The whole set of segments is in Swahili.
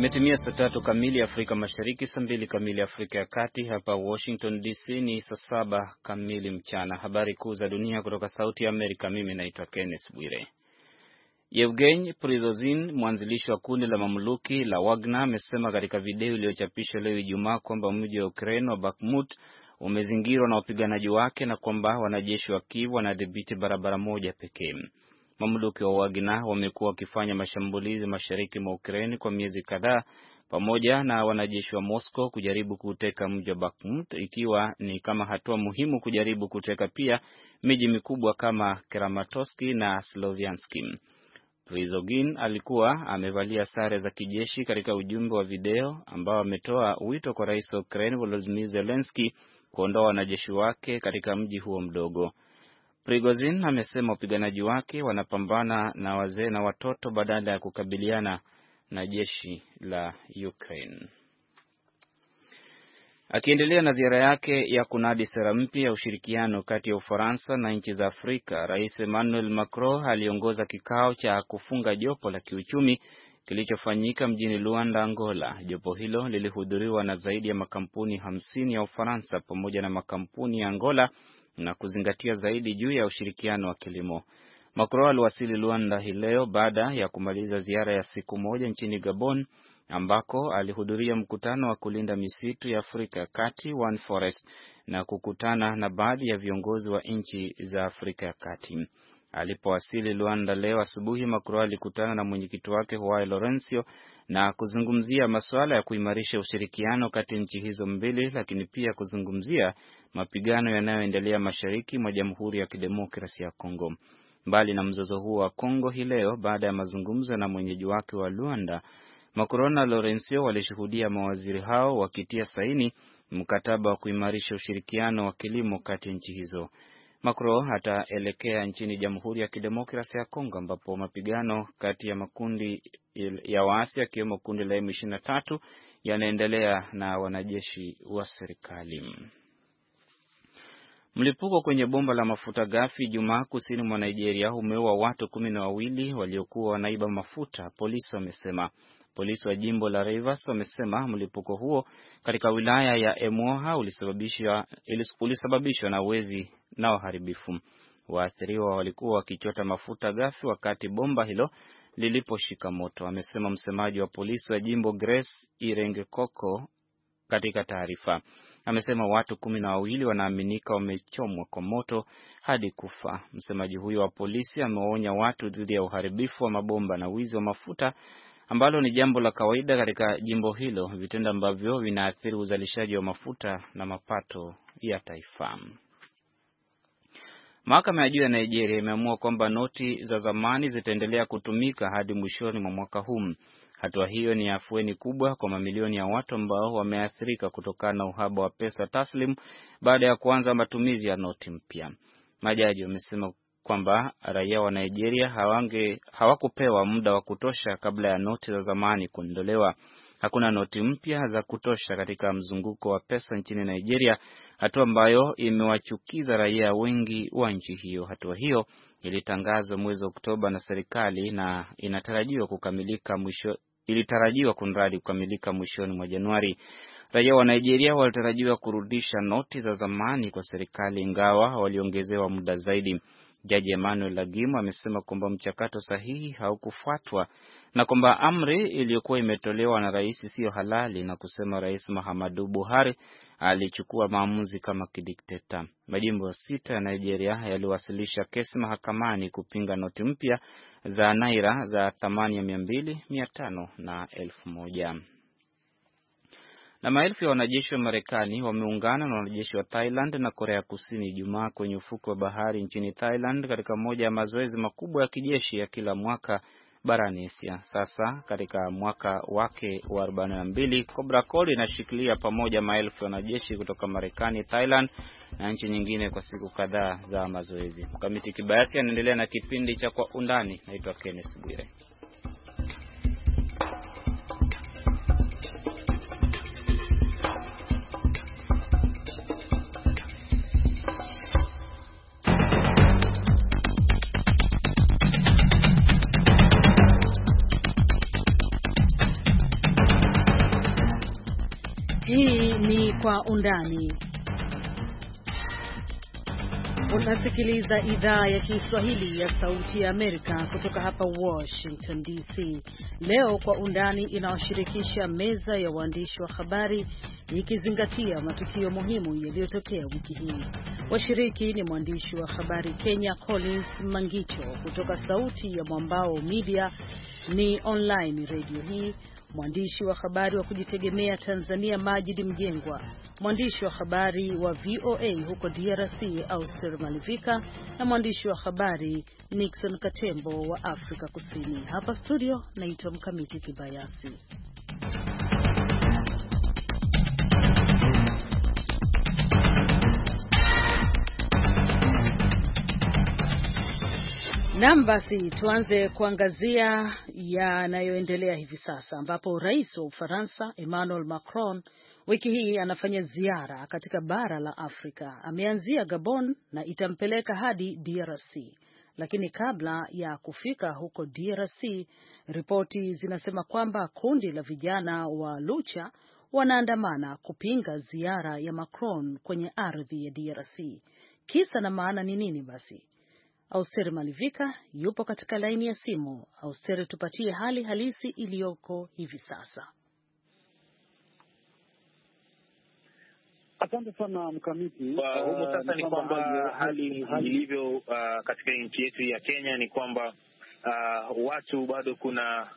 Imetimia saa tatu kamili Afrika Mashariki, saa mbili kamili Afrika ya Kati. Hapa Washington DC ni saa saba kamili mchana. Habari kuu za dunia kutoka Sauti ya Amerika. Mimi naitwa Kenneth Bwire. Yevgeny Prigozhin, mwanzilishi wa kundi la mamluki la Wagner, amesema katika video iliyochapishwa leo Ijumaa kwamba mji wa Ukraine wa Bakhmut umezingirwa na wapiganaji wake na kwamba wanajeshi wa Kiev wanadhibiti barabara moja pekee. Mamluki wa Wagner wamekuwa wakifanya mashambulizi mashariki mwa Ukraini kwa miezi kadhaa pamoja na wanajeshi wa Moscow kujaribu kuteka mji wa Bakhmut, ikiwa ni kama hatua muhimu kujaribu kuteka pia miji mikubwa kama Kramatorsk na slovianski Prigozhin alikuwa amevalia sare za kijeshi katika ujumbe wa video ambao ametoa wito kwa rais wa Ukraine Volodymyr Zelensky kuondoa wanajeshi wake katika mji huo mdogo. Prigozin amesema wapiganaji wake wanapambana na wazee na watoto badala ya kukabiliana na jeshi la Ukraine. Akiendelea na ziara yake ya kunadi sera mpya ya ushirikiano kati ya Ufaransa na nchi za Afrika, Rais Emmanuel Macron aliongoza kikao cha kufunga jopo la kiuchumi kilichofanyika mjini Luanda, Angola. Jopo hilo lilihudhuriwa na zaidi ya makampuni hamsini ya Ufaransa pamoja na makampuni ya Angola na kuzingatia zaidi juu ya ushirikiano wa kilimo. Macron aliwasili Luanda hii leo baada ya kumaliza ziara ya siku moja nchini Gabon ambako alihudhuria mkutano wa kulinda misitu ya Afrika Kati, One Forest, na kukutana na baadhi ya viongozi wa nchi za Afrika ya Kati. Alipowasili Luanda leo asubuhi, Makuro alikutana na mwenyekiti wake Huai Lorencio na kuzungumzia masuala ya kuimarisha ushirikiano kati ya nchi hizo mbili, lakini pia kuzungumzia mapigano yanayoendelea mashariki mwa Jamhuri ya Kidemokrasia ya Kongo. Mbali na mzozo huo wa Kongo, hii leo baada ya mazungumzo na mwenyeji wake wa Luanda, Macron na Lorencio walishuhudia mawaziri hao wakitia saini mkataba wa kuimarisha ushirikiano wa kilimo kati ya nchi hizo. Macron ataelekea nchini Jamhuri ya Kidemokrasi ya Kongo ambapo mapigano kati ya makundi ya waasi yakiwemo kundi la M23 yanaendelea na wanajeshi wa serikali. Mlipuko kwenye bomba la mafuta ghafi Jumaa kusini mwa Nigeria umeua watu kumi na wawili waliokuwa wanaiba mafuta, polisi wamesema. Polisi wa jimbo la Rivers wamesema mlipuko huo katika wilaya ya Emoha ulisababishwa na wezi na waharibifu. Waathiriwa walikuwa wakichota mafuta ghafi wakati bomba hilo liliposhika moto, amesema msemaji wa polisi wa jimbo Grace Irengekoko katika taarifa. Amesema watu kumi na wawili wanaaminika wamechomwa kwa moto hadi kufa. Msemaji huyo wa polisi amewaonya watu dhidi ya uharibifu wa mabomba na wizi wa mafuta ambalo ni jambo la kawaida katika jimbo hilo, vitendo ambavyo vinaathiri uzalishaji wa mafuta na mapato ya taifa. Mahakama ya juu ya Nigeria imeamua kwamba noti za zamani zitaendelea kutumika hadi mwishoni mwa mwaka huu. Hatua hiyo ni afueni kubwa kwa mamilioni ya watu ambao wameathirika kutokana na uhaba wa pesa taslim baada ya kuanza matumizi ya noti mpya. Majaji wamesema kwamba raia wa Nigeria hawange hawakupewa muda wa kutosha kabla ya noti za zamani kuondolewa hakuna noti mpya za kutosha katika mzunguko wa pesa nchini Nigeria, hatua ambayo imewachukiza raia wengi wa nchi hiyo. Hatua hiyo ilitangazwa mwezi Oktoba na serikali na inatarajiwa kukamilika mwisho, ilitarajiwa kunradi kukamilika mwishoni mwa Januari. Raia wa Nigeria walitarajiwa kurudisha noti za zamani kwa serikali, ingawa waliongezewa muda zaidi. Jaji Emmanuel Lagimu amesema kwamba mchakato sahihi haukufuatwa na kwamba amri iliyokuwa imetolewa na rais siyo halali, na kusema Rais Muhammadu Buhari alichukua maamuzi kama kidikteta. Majimbo sita ya Nigeria yaliwasilisha kesi mahakamani kupinga noti mpya za naira za thamani ya mia mbili, mia tano na elfu moja. Na maelfu ya wanajeshi wa Marekani wameungana na wanajeshi wa Thailand na Korea Kusini Ijumaa kwenye ufuko wa bahari nchini Thailand katika moja ya mazoezi makubwa ya kijeshi ya kila mwaka barani Asia. Sasa katika mwaka wake wa 42, Cobra Call inashikilia pamoja maelfu ya wanajeshi kutoka Marekani, Thailand na nchi nyingine kwa siku kadhaa za mazoezi. Mkamiti Kibayasi anaendelea na kipindi cha Kwa Undani. Naitwa Kenneth Bwire. undani. Unasikiliza idhaa ya Kiswahili ya Sauti ya Amerika kutoka hapa Washington DC. Leo kwa undani inawashirikisha meza ya waandishi wa habari ikizingatia matukio muhimu yaliyotokea wiki hii. Washiriki ni mwandishi wa habari Kenya Collins Mangicho kutoka Sauti ya Mwambao Media, ni online radio hii mwandishi wa habari wa kujitegemea Tanzania Majid Mjengwa, mwandishi wa habari wa VOA huko DRC Auster Malivika na mwandishi wa habari Nixon Katembo wa Afrika Kusini. Hapa studio naitwa Mkamiti Kibayasi. Nam, basi tuanze kuangazia yanayoendelea hivi sasa, ambapo rais wa Ufaransa Emmanuel Macron wiki hii anafanya ziara katika bara la Afrika. Ameanzia Gabon na itampeleka hadi DRC, lakini kabla ya kufika huko DRC, ripoti zinasema kwamba kundi la vijana wa Lucha wanaandamana kupinga ziara ya Macron kwenye ardhi ya DRC. Kisa na maana ni nini basi? Auster Malivika yupo katika laini ya simu. Auster, tupatie hali halisi iliyoko hivi sasa. Asante sana mkamiti. Kwa ah, humu sasa ni kwamba hali ilivyo uh, katika nchi yetu ya Kenya ni kwamba uh, watu bado kuna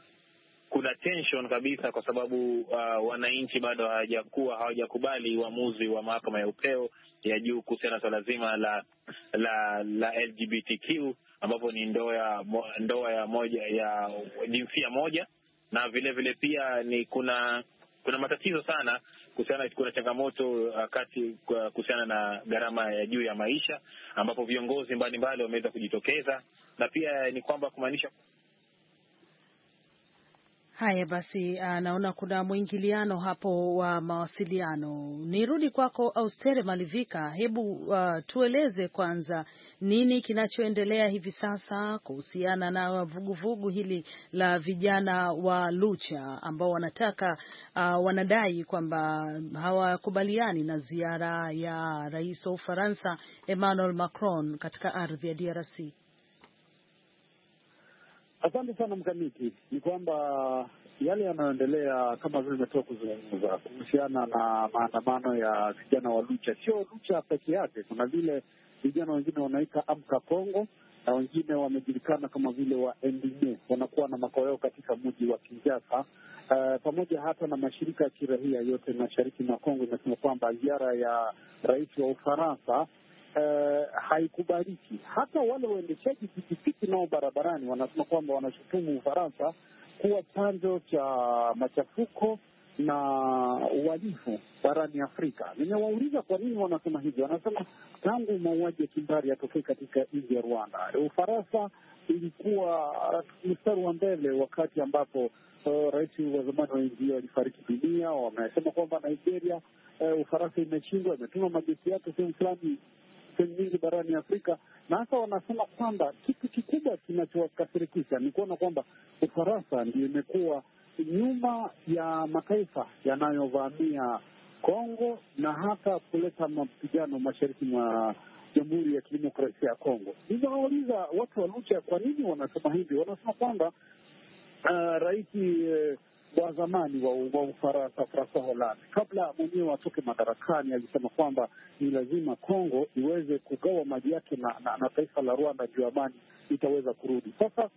kuna tension kabisa, kwa sababu uh, wananchi bado hawajakuwa hawajakubali uamuzi wa mahakama ya upeo ya juu kuhusiana na swala zima la la la LGBTQ ambapo ni ndoa ndoa ya moja ya jinsia moja, na vile vile pia ni kuna kuna matatizo sana kuhusiana, kuna changamoto uh, kati kuhusiana na gharama ya juu ya maisha, ambapo viongozi mbalimbali wameweza kujitokeza, na pia ni kwamba kumaanisha Haya basi, ah, naona kuna mwingiliano hapo wa mawasiliano. Nirudi kwako Austere Malivika, hebu uh, tueleze kwanza nini kinachoendelea hivi sasa kuhusiana na vuguvugu hili la vijana wa Lucha ambao wanataka uh, wanadai kwamba hawakubaliani na ziara ya rais wa Ufaransa Emmanuel Macron katika ardhi ya DRC. Asante sana mkamiti. Ni kwamba yale yanayoendelea kama vile imetoka kuzungumza kuhusiana na maandamano ya vijana wa Lucha, sio Lucha peke yake, kuna vile vijana wengine wanaita Amka Kongo na wengine wamejulikana kama vile wa NDA wanakuwa na makao yao katika mji wa Kinshasa. Uh, pamoja hata na mashirika ya kirahia yote mashariki mwa Kongo imesema kwamba ziara ya rais wa Ufaransa uh, haikubaliki. Hata wale waendeshaji pikipiki nao barabarani wanasema kwamba wanashutumu Ufaransa kuwa chanzo cha machafuko na uhalifu barani Afrika. Nimewauliza kwa nini wanasema hivyo. Wanasema tangu mauaji ya kimbari yatokee katika nchi ya Rwanda, Ufaransa ilikuwa mstari wa mbele wakati ambapo uh, rais wa zamani wa nchi hiyo alifariki dunia. Wamesema kwamba Nigeria, uh, Ufaransa imeshindwa, imetuma majeshi yake sehemu fulani sehemu nyingi barani Afrika, na hasa wanasema kwamba kitu kikubwa kinachowakasirikisha ni kuona kwamba Ufaransa ndio imekuwa nyuma ya mataifa yanayovamia Kongo na hata kuleta mapigano mashariki mwa Jamhuri ya Kidemokrasia ya Kongo. Niliwauliza watu wa Lucha kwa nini wanasema hivi, wanasema kwamba uh, rais uh, wa zamani wa Ufaransa, Francois Hollande, kabla mwenyewe atoke madarakani, alisema kwamba ni lazima Kongo iweze kugawa maji yake na, na, na taifa la Rwanda juu amani itaweza kurudi. Sasa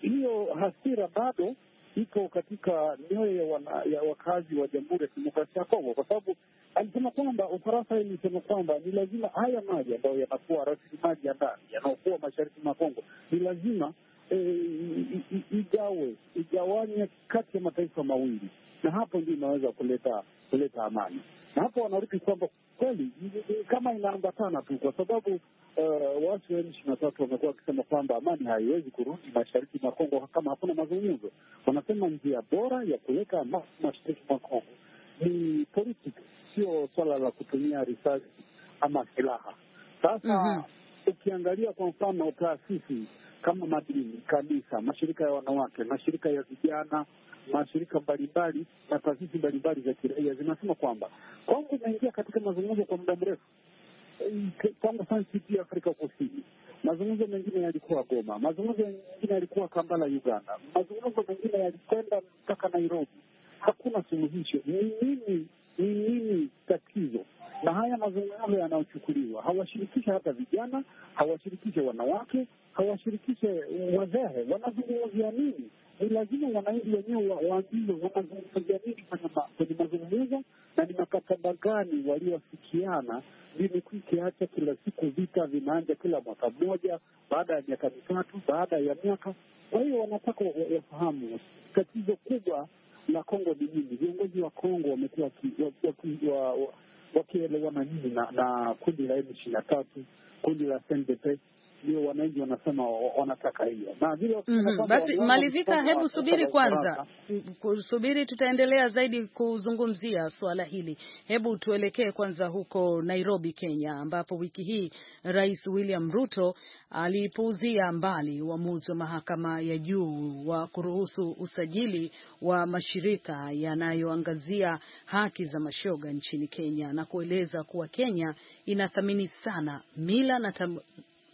hiyo hasira bado iko katika mioyo ya wakazi wa Jamhuri ya Kidemokrasia ya Kongo, kwa sababu alisema kwamba Ufaransa ilisema kwamba ni lazima haya maji ambayo yanakuwa rasilimali ya ndani yanaokuwa mashariki mwa Kongo ni lazima Eh, igawe igawanye kati ya mataifa mawili, na hapo ndio inaweza kuleta kuleta amani, na hapo wanarudi kwamba kweli kama inaambatana tu, kwa sababu eh, waasi wa M ishirini na tatu wamekuwa wakisema kwamba amani haiwezi kurudi mashariki mwa Kongo kama hakuna mazungumzo. Wanasema njia bora ya kuleta amani mashariki mwa Kongo ni politiki, sio swala la kutumia risasi ama silaha. Sasa mhm. ukiangalia kwa mfano taasisi kama madini, kanisa, mashirika ya wanawake, mashirika ya vijana, mashirika mbalimbali na taasisi mbalimbali za kiraia zinasema kwamba Kongo inaingia katika mazungumzo kwa muda mrefu tangu ya Afrika Kusini. Mazungumzo mengine yalikuwa Goma, mazungumzo mengine yalikuwa Kampala, Uganda, mazungumzo mengine yalikwenda mpaka Nairobi. Hakuna suluhisho. Ni nini? Ni nini tatizo? Na haya mazungumzo yanayochukuliwa, hawashirikishe hata vijana, hawashirikishe wanawake, hawashirikishe wazee, wanazungumzia nini? Ni lazima wananchi wenyewe waambiwe wanazungumzia nini kwenye mazungumzo na ni makataba gani walioafikiana. Ndio imekuwa ikiacha kila siku vita vinaanja kila mwaka mmoja, baada ya miaka mitatu, baada ya miaka. Kwa hiyo wanataka wafahamu tatizo kubwa la Kongo ni nini. Viongozi wa Kongo wamekuwa wakielewana nini na kundi la M ishirini na tatu, kundi la CNDP ndio wananchi wanasema wanataka hiyo na vile mm -hmm. Basi malizika, hebu subiri kwanza, subiri, tutaendelea zaidi kuzungumzia suala hili. Hebu tuelekee kwanza huko Nairobi, Kenya, ambapo wiki hii Rais William Ruto alipuuzia mbali uamuzi wa mahakama ya juu wa kuruhusu usajili wa mashirika yanayoangazia haki za mashoga nchini Kenya na kueleza kuwa Kenya inathamini sana mila na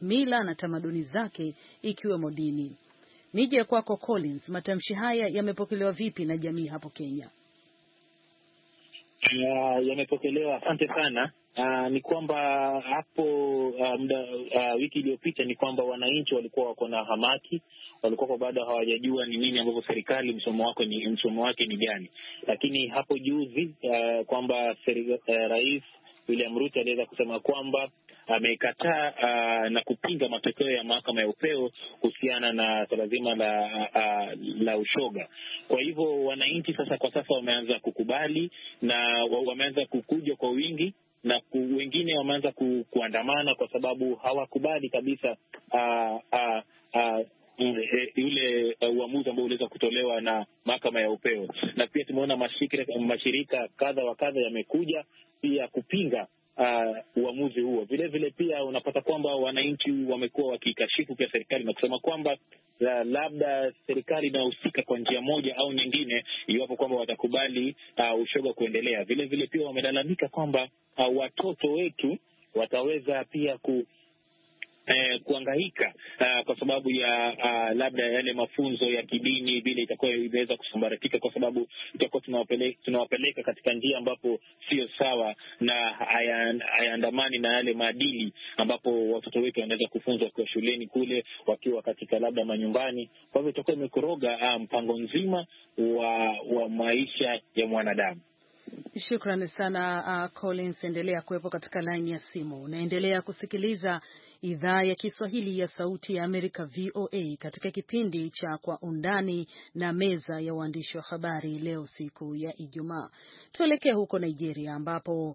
mila na tamaduni zake ikiwemo dini. Nije kwako Collins, matamshi haya yamepokelewa vipi na jamii hapo Kenya? Uh, yamepokelewa. Asante sana. Uh, ni kwamba hapo ah, muda uh, wiki iliyopita ni kwamba wananchi walikuwa wako na hamaki, walikuwa kwa bado hawajajua ni nini ambavyo serikali msomo wako ni msomo wake ni gani, lakini hapo juzi uh, kwamba uh, Rais William Ruto aliweza kusema kwamba amekataa uh, na kupinga matokeo ya mahakama ya upeo kuhusiana na swala zima la, uh, la ushoga. Kwa hivyo wananchi sasa kwa sasa wameanza kukubali na wameanza kukuja kwa wingi na ku, wengine wameanza ku, kuandamana kwa sababu hawakubali kabisa ah, uh, uh, uh, yule uamuzi uh, ambao uliweza kutolewa na mahakama ya upeo, na pia tumeona mashirika kadha wa kadha yamekuja pia kupinga uh, uamuzi huo. Vilevile vile pia unapata kwamba wananchi wamekuwa wakikashifu pia serikali na kusema kwamba uh, labda serikali inahusika kwa njia moja au nyingine, iwapo kwamba watakubali uh, ushoga kuendelea. Vilevile vile pia wamelalamika kwamba uh, watoto wetu wataweza pia ku eh, kuangaika uh, eh, kwa sababu ya uh, labda yale mafunzo ya kidini vile itakuwa imeweza kusambaratika, kwa sababu itakuwa tunawapeleka, tunawapeleka katika njia ambapo sio sawa na hayaandamani na yale maadili ambapo watoto wetu wanaweza kufunzwa wakiwa shuleni kule, wakiwa katika labda manyumbani. Kwa hivyo itakuwa imekoroga ah, mpango um, nzima wa, wa maisha ya mwanadamu. Shukrani sana uh, Collins, endelea kuwepo katika laini ya simu. Unaendelea kusikiliza idhaa ya Kiswahili ya Sauti ya Amerika, VOA, katika kipindi cha Kwa Undani na Meza ya Waandishi wa Habari, leo siku ya Ijumaa. Tuelekee huko Nigeria ambapo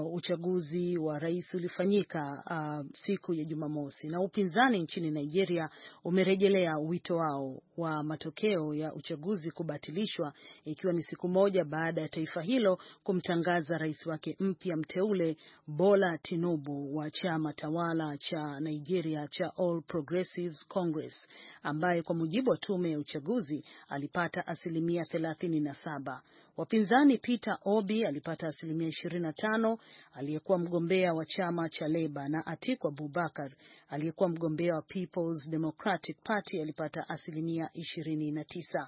uh, uchaguzi wa rais ulifanyika uh, siku ya Jumamosi na upinzani nchini Nigeria umerejelea wito wao wa matokeo ya uchaguzi kubatilishwa, ikiwa ni siku moja baada ya taifa hilo kumtangaza rais wake mpya mteule Bola Tinubu wa chama tawala cha Nigeria cha All Progressives Congress, ambaye kwa mujibu wa tume ya uchaguzi alipata asilimia 37. Wapinzani Peter Obi alipata asilimia 25, aliyekuwa mgombea wa chama cha Leba, na Atiku Abubakar aliyekuwa mgombea wa People's Democratic Party alipata asilimia 29.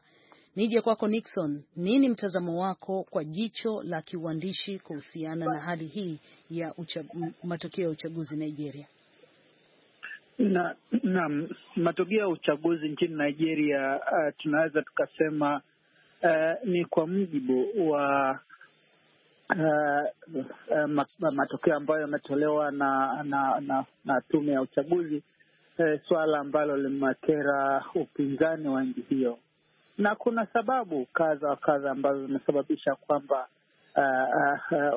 Nije kwako Nixon, nini mtazamo wako kwa jicho la kiuandishi kuhusiana na hali hii ya matokeo ya uchaguzi Nigeria? Na, na matokeo ya uchaguzi nchini Nigeria uh, tunaweza tukasema uh, ni kwa mujibu wa uh, uh, matokeo ambayo yametolewa na, na, na, na tume ya uchaguzi uh, suala ambalo limekera upinzani wa nchi hiyo na kuna sababu kadha wa kadha ambazo zimesababisha kwamba uh,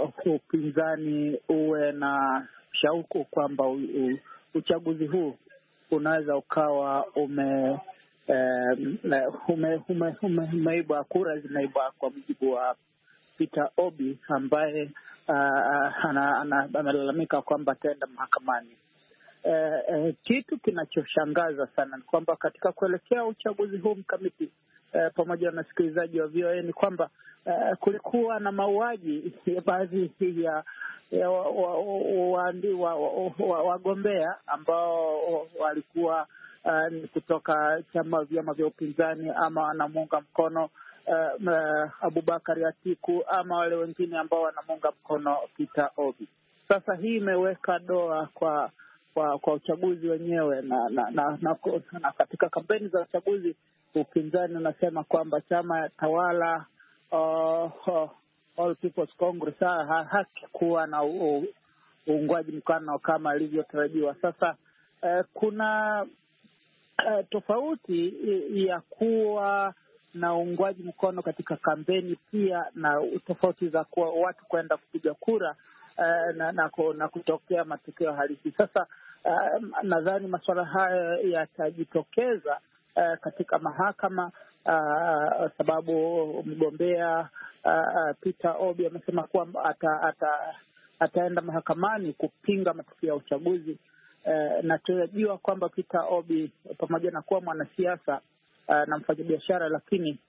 uh, uh, upinzani uwe na shauku kwamba u, u, uchaguzi huu unaweza ukawa ume um, ume, ume, ume, umeibwa kura zimeibwa kwa mujibu wa Peter Obi ambaye uh, amelalamika kwamba ataenda mahakamani. Uh, uh, kitu kinachoshangaza sana ni kwamba katika kuelekea uchaguzi huu mkamiti, eh, pamoja na wasikilizaji wa VOA ni kwamba eh, kulikuwa na mauaji ya baadhi ya wagombea ambao walikuwa eh, ni kutoka chama vyama vya upinzani ama wanamuunga mkono Uh, Abubakar Atiku ama wale wengine ambao wanamuunga mkono Peter Obi. Sasa hii imeweka doa kwa kwa, kwa uchaguzi wenyewe na na, na, na na katika kampeni za uchaguzi upinzani unasema kwamba chama tawala uh, uh, All Congress hakikuwa na uungwaji mkono kama ilivyotarajiwa. Sasa uh, kuna uh, tofauti ya kuwa na uungwaji mkono katika kampeni pia na tofauti za kuwa watu kwenda kupiga kura uh, na, na, na kutokea matokeo halisi. Sasa uh, nadhani masuala hayo yatajitokeza uh, katika mahakama uh, sababu mgombea uh, Peter Obi amesema kwamba ata, ata, ataenda mahakamani kupinga matokeo ya uchaguzi. Uh, na tunajua kwamba Peter Obi pamoja na kuwa mwanasiasa uh, na mfanyabiashara, lakini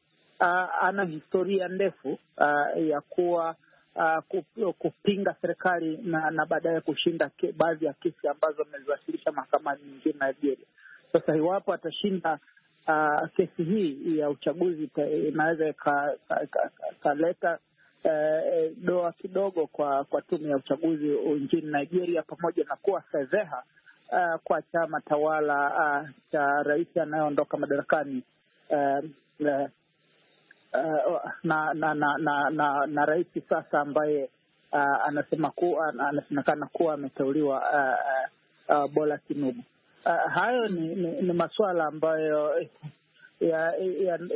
uh, ana historia ndefu uh, ya kuwa Uh, kupinga serikali na, na baadaye kushinda baadhi ya kesi ambazo ameziwasilisha mahakamani nchini Nigeria. Sasa iwapo atashinda uh, kesi hii ya uchaguzi inaweza ikaleta uh, doa kidogo kwa kwa tume ya uchaguzi nchini Nigeria, pamoja na kuwa fedheha uh, kwa chama tawala uh, cha rais anayeondoka madarakani um, uh, uh, na na na na, na, na rais sasa ambaye uh, anasema anasemekana kuwa ameteuliwa uh, uh, Bola Tinubu. Uh, hayo ni, ni, ni masuala ambayo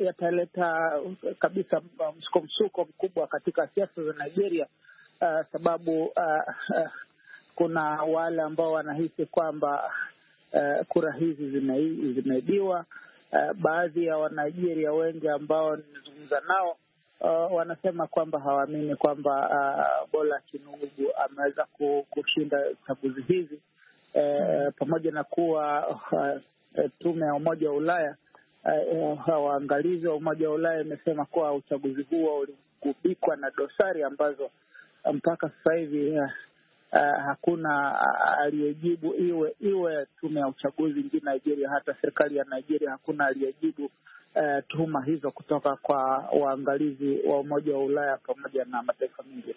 yataleta ya, ya kabisa msuko msuko mkubwa katika siasa za Nigeria uh, sababu uh, uh, kuna wale ambao wanahisi kwamba uh, kura hizi zimeibiwa. Uh, baadhi ya Wanigeria wengi ambao nimezungumza nao uh, wanasema kwamba hawaamini kwamba uh, Bola Tinubu ameweza kushinda chaguzi hizi eh, pamoja na kuwa uh, tume ya Umoja wa Ulaya uh, eh, waangalizi wa Umoja wa Ulaya imesema kuwa uchaguzi huo uligubikwa na dosari ambazo mpaka sasa hivi uh, uh, hakuna uh, aliyejibu, iwe iwe tume ya uchaguzi nchini Nigeria, hata serikali ya Nigeria, hakuna aliyejibu uh, tuhuma hizo kutoka kwa waangalizi wa Umoja wa Ulaya pamoja na mataifa mengine.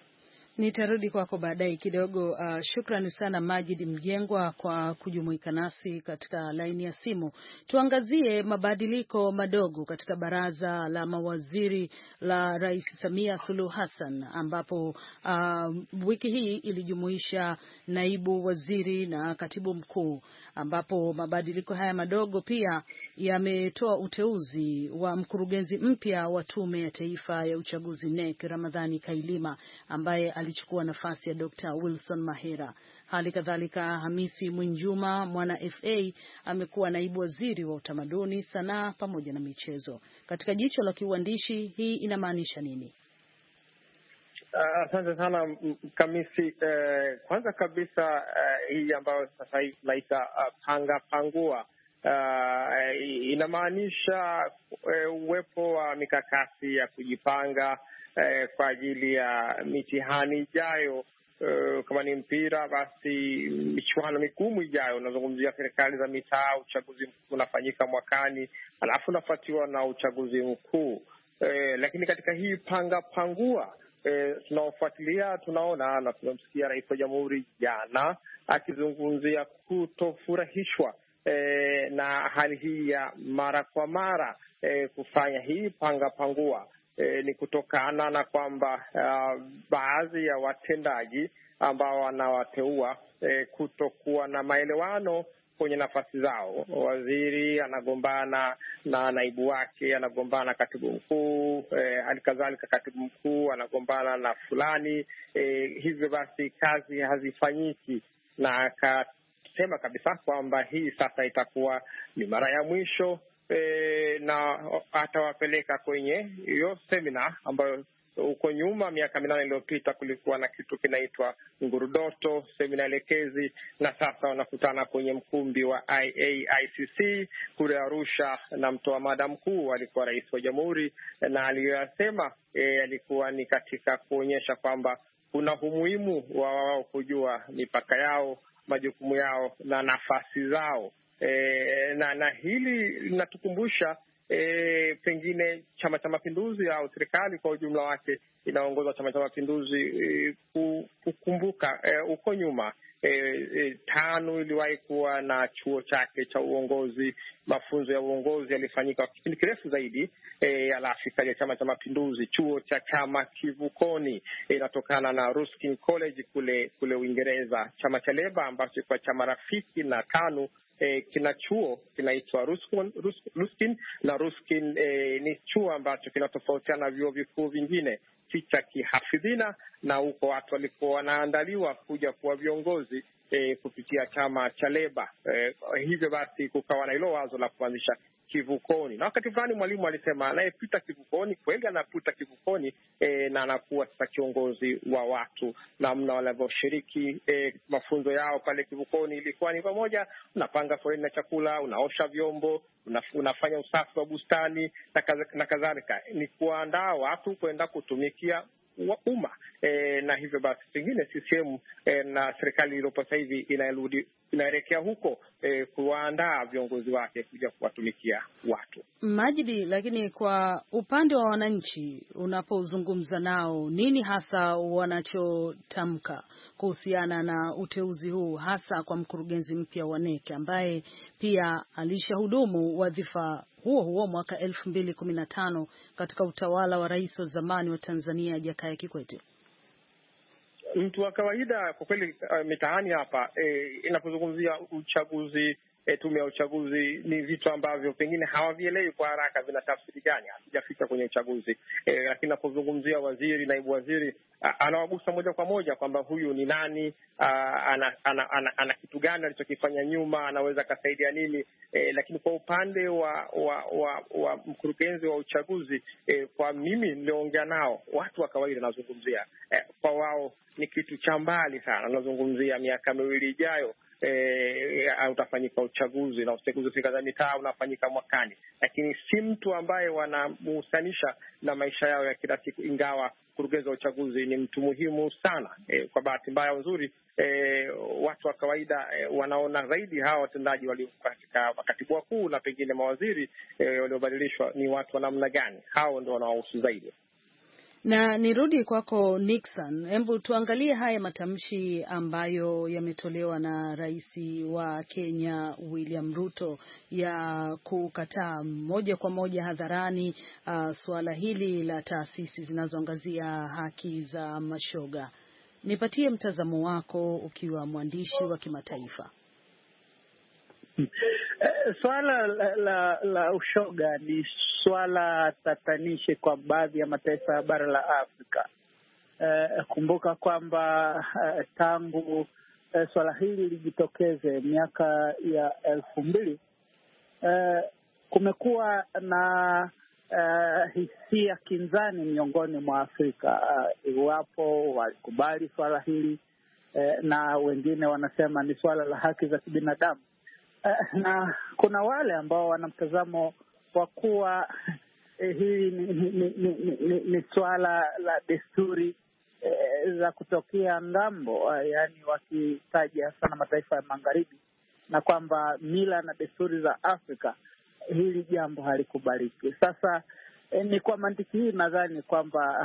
Nitarudi kwako baadaye kidogo. Uh, shukrani sana Majid Mjengwa kwa kujumuika nasi katika laini ya simu. Tuangazie mabadiliko madogo katika baraza la mawaziri la Rais Samia Suluhu Hassan ambapo uh, wiki hii ilijumuisha naibu waziri na katibu mkuu, ambapo mabadiliko haya madogo pia yametoa uteuzi wa mkurugenzi mpya wa Tume ya Taifa ya Uchaguzi NEC, Ramadhani Kailima ambaye alichukua nafasi ya Dr. Wilson Mahera. Hali kadhalika, Hamisi Mwinjuma mwana FA amekuwa naibu waziri wa utamaduni, sanaa pamoja na michezo. Katika jicho la kiuandishi, hii inamaanisha nini? Ah, asante uh, sana Kamisi. Uh, eh, kwanza kabisa uh, hii ambayo sasa tunaita uh, panga pangua uh, inamaanisha eh, uwepo uh, wa mikakati ya kujipanga uh, kwa ajili ya mitihani ijayo. Uh, kama ni mpira basi michuano migumu ijayo, unazungumzia serikali za mitaa, uchaguzi mkuu unafanyika mwakani, alafu unafuatiwa na uchaguzi mkuu uh, lakini katika hii panga pangua uh, tunaofuatilia tunaona na tumemsikia Rais wa Jamhuri jana akizungumzia kutofurahishwa eh, na hali hii ya mara kwa mara eh, kufanya hii panga pangua eh, ni kutokana na kwamba uh, baadhi ya watendaji ambao wanawateua eh, kutokuwa na maelewano kwenye nafasi zao. Waziri anagombana na naibu wake, anagombana na katibu mkuu, eh, halikadhalika eh, katibu mkuu anagombana na fulani eh, hivyo basi kazi hazifanyiki na kat kusema kabisa kwamba hii sasa itakuwa ni mara ya mwisho e, na atawapeleka kwenye hiyo semina ambayo huko nyuma miaka minane iliyopita kulikuwa na kitu kinaitwa ngurudoto semina elekezi, na sasa wanakutana kwenye mkumbi wa IAICC kule Arusha, na mtoa mada mkuu alikuwa rais wa jamhuri, na aliyoyasema e, alikuwa ni katika kuonyesha kwamba kuna umuhimu wa wao kujua mipaka yao majukumu yao na nafasi zao e, na na hili linatukumbusha e, pengine Chama cha Mapinduzi au serikali kwa ujumla wake inaongozwa Chama cha Mapinduzi e, kukumbuka e, nyuma e, e, tano iliwahi kuwa na chuo chake cha uongozi. Mafunzo ya uongozi yalifanyika kwa kipindi kirefu zaidi e, alafu ikaja Chama cha Mapinduzi, chuo cha chama kivukoni, e, inatokana e, na Ruskin College kule kule Uingereza. Chama cha Leba ambacho kwa chama rafiki na tano eh, kina chuo kinaitwa Ruskin, Ruskin na Ruskin eh, ni chuo ambacho kinatofautiana na vyuo vikuu vingine si cha kihafidhina, na huko watu walikuwa wanaandaliwa kuja kuwa viongozi e, kupitia chama cha Leba. E, hivyo basi kukawa na hilo wazo la kuanzisha kivukoni na wakati fulani Mwalimu alisema anayepita kivukoni kweli anapita kivukoni e, na anakuwa sasa kiongozi wa watu. Namna wanavyoshiriki e, mafunzo yao pale kivukoni ilikuwa ni pamoja, unapanga foleni na chakula, unaosha vyombo, unafanya usafi wa bustani na kadhalika, ni kuandaa watu kwenda kutumikia wa umma e, na hivyo basi pengine CCM e, na serikali iliyopo sasa hivi inarudi inaelekea huko e, kuwaandaa viongozi wake kuja kuwatumikia watu. Majidi, lakini kwa upande wa wananchi unapozungumza nao, nini hasa wanachotamka kuhusiana na uteuzi huu, hasa kwa mkurugenzi mpya wa NEC ambaye pia alishahudumu wadhifa huo huo mwaka 2015 katika utawala wa rais wa zamani wa Tanzania Jakaya Kikwete? Mtu wa kawaida kwa kweli, uh, mitaani hapa eh, inapozungumzia uchaguzi e, tume ya uchaguzi ni vitu ambavyo pengine hawavielewi kwa haraka vina tafsiri gani, hatujafika kwenye uchaguzi e, lakini napozungumzia waziri, naibu waziri anawagusa moja kwa moja kwamba huyu ni nani, ana, ana, ana, ana, ana kitu gani alichokifanya nyuma, anaweza akasaidia nini e, lakini kwa upande wa wa, wa, wa mkurugenzi wa uchaguzi e, kwa mimi nilioongea nao watu wa kawaida nazungumzia e, kwa wao ni kitu cha mbali sana, nazungumzia miaka miwili ijayo eh, eh utafanyika uchaguzi na uchaguzi za mitaa unafanyika mwakani, lakini si mtu ambaye wanamuhusanisha na maisha yao ya kila siku, ingawa mkurugenzi wa uchaguzi ni mtu muhimu sana. Eh, kwa bahati mbaya nzuri, e, watu wa kawaida e, wanaona zaidi hawa watendaji walio katika makatibu wakuu na pengine mawaziri e, waliobadilishwa ni watu wa namna gani, hao ndio wanawahusu zaidi. Na nirudi kwako Nixon, hebu tuangalie haya matamshi ambayo yametolewa na rais wa Kenya William Ruto ya kukataa moja kwa moja hadharani uh, suala hili la taasisi zinazoangazia haki za mashoga. Nipatie mtazamo wako ukiwa mwandishi wa kimataifa. Hmm. Eh, swala la, la, la ushoga ni swala tatanishi kwa baadhi ya mataifa ya bara la Afrika. Uh, kumbuka kwamba uh, tangu uh, swala hili lijitokeze miaka ya elfu mbili uh, kumekuwa na uh, hisia kinzani miongoni mwa Afrika uh, iwapo walikubali swala hili uh, na wengine wanasema ni swala la haki za kibinadamu. Eh, na kuna wale ambao wana mtazamo wa kuwa eh, hili ni, ni, ni, ni, ni suala la desturi eh, za kutokea ngambo, eh, yaani wakitaja sana mataifa ya magharibi na kwamba mila na desturi za Afrika hili jambo halikubaliki. Sasa eh, ni kwa mantiki hii nadhani kwamba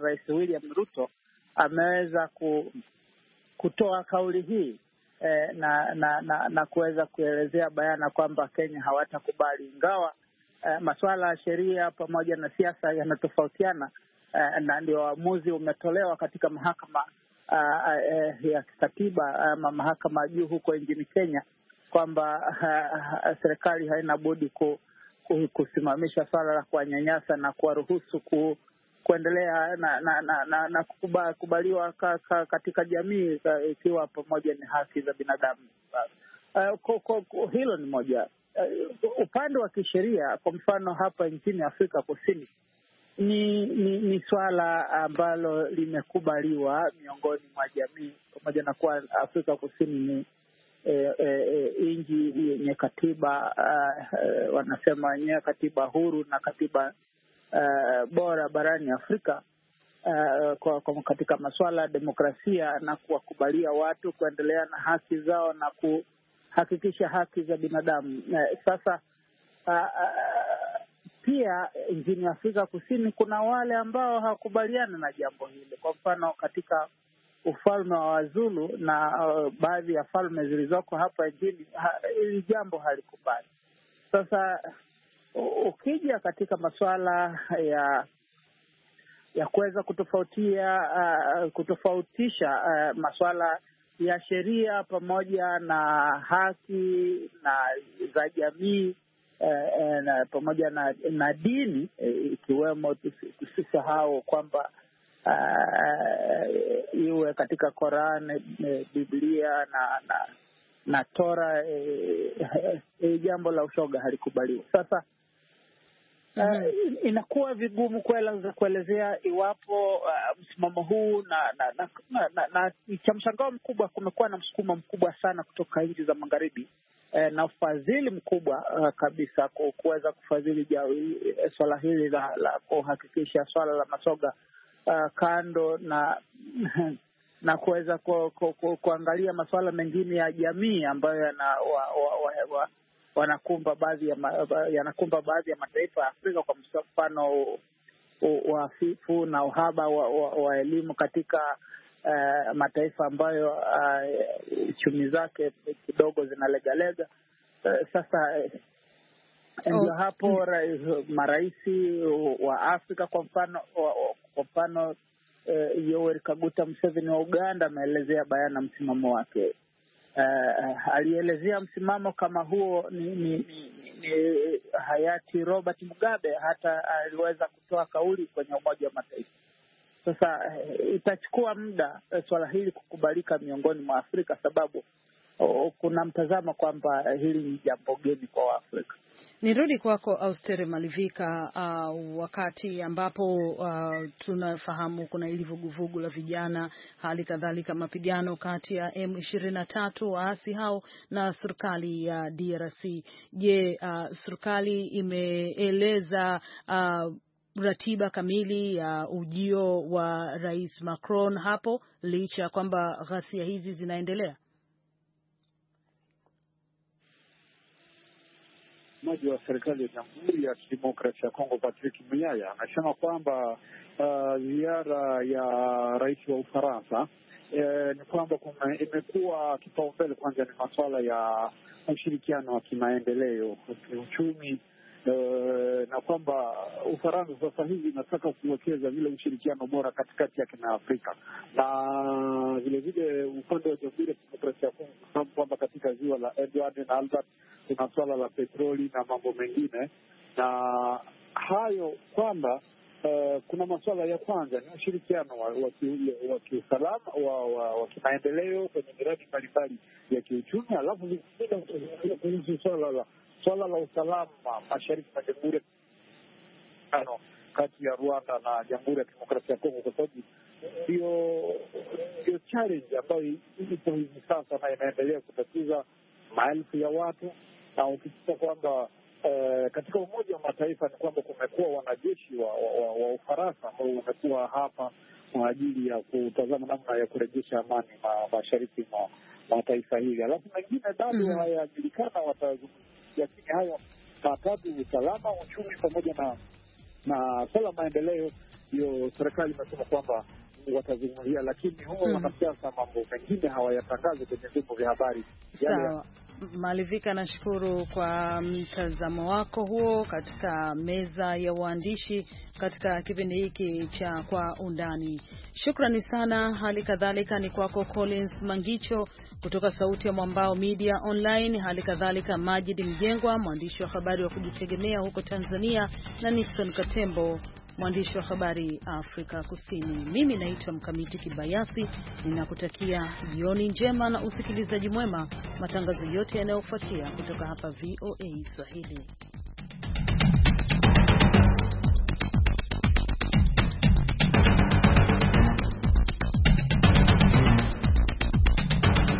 Rais William Ruto ameweza ku, kutoa kauli hii eh, na na, na, na kuweza kuelezea bayana kwamba Kenya hawatakubali ingawa eh, masuala ya sheria pamoja na siasa yanatofautiana eh, na ndio uamuzi umetolewa katika mahakama Uh, eh, ya kikatiba ama mahakama ya juu huko nchini Kenya kwamba uh, serikali haina budi ku, ku, kusimamisha swala la kuwanyanyasa na kuwaruhusu ku, kuendelea na na na, na, na kukubaliwa ka, ka, katika jamii ikiwa pamoja ni haki za binadamu. Uh, hilo ni moja. Uh, upande wa kisheria, kwa mfano hapa nchini Afrika Kusini ni ni, ni swala ambalo limekubaliwa miongoni mwa jamii, pamoja na kuwa Afrika Kusini ni E, e, e nchi yenye katiba uh, e, wanasema wenyewe katiba huru na katiba uh, bora barani Afrika uh, kwa, kwa katika masuala ya demokrasia na kuwakubalia watu kuendelea na haki zao na kuhakikisha haki za binadamu. Uh, sasa uh, uh, pia nchini Afrika Kusini kuna wale ambao hawakubaliana na jambo hili, kwa mfano katika ufalme wa Wazulu na uh, baadhi ya falme zilizoko hapa nchini, hili jambo halikubali. Sasa Ukija katika masuala ya ya kuweza kutofautia uh, kutofautisha uh, masuala ya sheria pamoja na haki na za jamii uh, uh na pamoja na, na dini uh, ikiwemo tusisahau kwamba uh, iwe katika Koran uh, eh, Biblia na na, na Tora uh, uh, eh, eh, jambo la ushoga halikubaliwa. Sasa Mm-hmm. Uh, mm-hmm. Inakuwa vigumu kueleza kuelezea iwapo uh, msimamo huu na na, na, na, na, na cha mshangao mkubwa, kumekuwa na msukumo mkubwa sana kutoka nchi za magharibi eh, na ufadhili mkubwa uh, kabisa kuweza kufadhili eh, swala hili la, la kuhakikisha swala la masoga uh, kando na na kuweza ku, ku, ku, kuangalia masuala mengine ya jamii ambayo yana wanakumba baadhi ya yanakumba baadhi ya mataifa ya Afrika kwa mfano uhafifu na uhaba wa, wa, wa elimu katika uh, mataifa ambayo eh, uchumi uh, zake kidogo zinalegalega. Uh, sasa ndio oh, hapo mm. rais, maraisi wa Afrika kwa mfano kwa mfano uh, Yoweri Kaguta Museveni wa Uganda ameelezea bayana msimamo wake uh, alielezea msimamo kama huo ni, ni, ni, ni hayati Robert Mugabe, hata aliweza kutoa kauli kwenye Umoja wa Mataifa. Sasa eh, itachukua muda swala hili kukubalika miongoni mwa Afrika sababu o, oh, kuna mtazamo kwamba hili ni jambo geni kwa Waafrika. Nirudi kwako Austere Malivika. Uh, wakati ambapo uh, tunafahamu kuna ili vuguvugu la vijana, hali kadhalika mapigano kati ya M23 waasi hao na serikali ya DRC. Je, uh, serikali imeeleza uh, ratiba kamili ya uh, ujio wa Rais Macron hapo licha ya kwamba ghasia hizi zinaendelea? msemaji wa serikali ya Jamhuri ya Kidemokrasia ya Kongo Patrick Muyaya amesema kwamba uh, ziara uh, ya rais wa Ufaransa E, ni kwamba imekuwa kipaumbele kwanza ni masuala ya ushirikiano wa kimaendeleo kiuchumi Eh, na kwamba Ufaransa sasa hivi inataka kuwekeza vile ushirikiano bora katikati yake na Afrika na vilevile upande wa Jamhuri ya Kidemokrasia ya Kongo, kwa sababu kwamba katika ziwa la Edward na Albert kuna swala la petroli na mambo mengine na hayo kwamba Uh, kuna masuala ya kwanza ni ushirikiano wa kiusalama wa kimaendeleo kwenye miradi mbalimbali ya kiuchumi, alafu kuhusu swala la Swala la usalama mashariki mwa jamhuri ya kati ya Rwanda na Jamhuri ya Kidemokrasia ya Kongo, kwa sababu ndio ndio challenge ambayo ipo hivi sasa na inaendelea kutatiza maelfu ya watu, na ukikuta kwamba eh, katika Umoja wa Mataifa ni kwamba kumekuwa wanajeshi wa, wa, wa, wa Ufaransa ambao wamekuwa hapa kwa ajili ya kutazama namna ya kurejesha amani mashariki ma, ma, mwa taifa hili, alafu mengine bado mm. hayajulikana watazungumza lakini haya matatu, usalama, uchumi pamoja na na sala maendeleo, hiyo serikali imesema kwamba watazungumzia, lakini huwa hmm. wanasiasa mambo mengine hawayatangazi kwenye vyombo vya habari yale Malivika, nashukuru kwa mtazamo wako huo katika meza ya waandishi katika kipindi hiki cha Kwa Undani. Shukrani sana. Hali kadhalika ni kwako Collins Mangicho kutoka Sauti ya Mwambao Media Online, hali kadhalika Majid Mjengwa, mwandishi wa habari wa kujitegemea huko Tanzania, na Nixon Katembo mwandishi wa habari Afrika Kusini. Mimi naitwa Mkamiti Kibayasi, ninakutakia jioni njema na usikilizaji mwema, matangazo yote yanayofuatia kutoka hapa VOA Swahili.